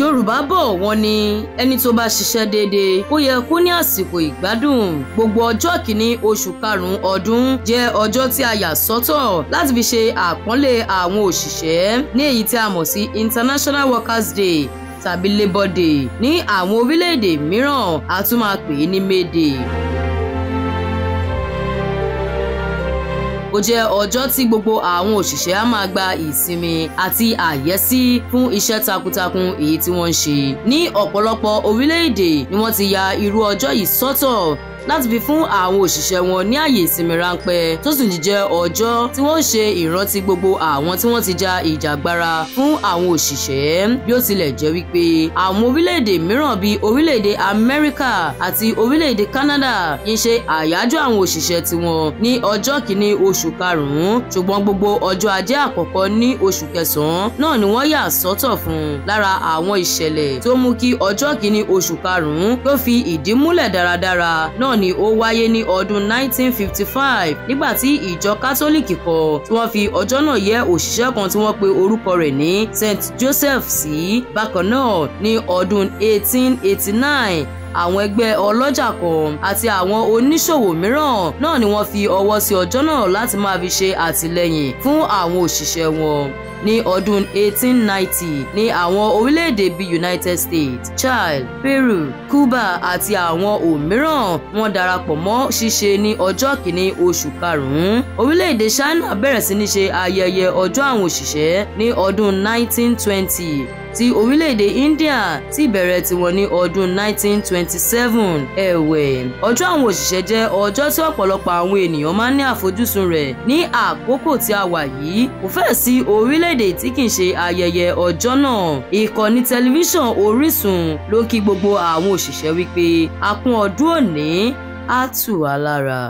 yorùbá bọ̀ wọ́n ní ẹni tó bá ṣiṣẹ́ déédéé ó yẹ kó ní àsìkò ìgbádùn gbogbo ọjọ́ kìíní oṣù karùn-ún ọdún jẹ́ ọjọ́ tí a yà sọ́tọ̀ láti fi ṣe àpọ́nlé àwọn òṣìṣẹ́ ní èyí tí a mọ̀ sí International Workers' Day tàbí Labour Day ní àwọn orílẹ̀-èdè mìíràn a tún máa pè é ní May Day. ó jẹ́ ọjọ́ tí gbogbo àwọn òṣìṣẹ́ á máa gba ìsinmi àti àyẹ́sí fún iṣẹ́ takuntakun èyí tí wọ́n ń ṣe ní ọ̀pọ̀lọpọ̀ orílẹ̀-èdè ni wọ́n ti ya irú ọjọ́ yìí sọ́tọ̀ láti fi fún àwọn òṣìṣẹ́ wọn ní àyè ìsinmi ráńpẹ́ tó sì jẹ́ ọjọ́ tí wọ́n ń ṣe ìrántí gbogbo àwọn tí wọ́n ti ja ìjàgbara fún àwọn òṣìṣẹ́ bí ó tilẹ̀ jẹ́ wípé àwọn orílẹ̀-èdè mìíràn bíi orílẹ̀-èdè Amẹ́ríkà àti orílẹ̀-èdè Canada ń ṣe àyájọ́ àwọn òṣìṣẹ́ tiwọn ní ọjọ́ kìíní oṣù karùn-ún ṣùgbọ́n gbogbo ọjọ́ ajé àkọ́kọ́ ní oṣù kẹsàn-án náà ni wọ́n yà sọ́tọ̀ fún lára àwọn ìṣẹ̀lẹ̀ tó mú kí ọjọ́ kìíní oṣù karùn-ún yóò fi ìdí múlẹ̀ dáradára náà náà ni ó wáyé ní ọdún 1955 nígbà tí ìjọ kátólíkì kọ tí wọ́n fi ọjọ́ náà yẹ òṣìṣẹ́ kan tí wọ́n pe orúkọ rẹ̀ ní St Joseph sí bákan náà ní ọdún 1889 àwọn ẹgbẹ́ ọlọ́jà kan àti àwọn oníṣòwò mìíràn náà ni wọ́n fi ọwọ́ sí ọjọ́ náà láti máa fi ṣe àtìlẹ́yìn fún àwọn òṣìṣẹ́ wọn ní ọdún 1890 ní àwọn orílẹ̀-èdè bíi United States Chile Peru Cuba àti àwọn òmíràn wọ́n darapọ̀ mọ́ ṣíṣe ní ọjọ́ kìíní oṣù karùn-ún orílẹ̀-èdè China bẹ̀rẹ̀ sí ní ṣe ayẹyẹ ọjọ́ àwọn òṣìṣẹ́ ní ọdún 1920 ti orílẹ̀-èdè India ti bẹ̀rẹ̀ tiwọn ní ọdún 1927 ẹ̀wẹ̀ ọjọ́ àwọn òṣìṣẹ́ jẹ́ ọjọ́ tí ọ̀pọ̀lọpọ̀ àwọn ènìyàn máa ń ní àfojúsùn rẹ̀ ní àkókò tí a wà yìí kò fẹ́ sí orílẹ̀-èdè tí kì í ṣe ayẹyẹ ọjọ́ náà ìkànnì tẹlifíṣàn Orísun ló kí gbogbo àwọn òṣìṣẹ́ wípé a kún ọdún òní á tù wá lára.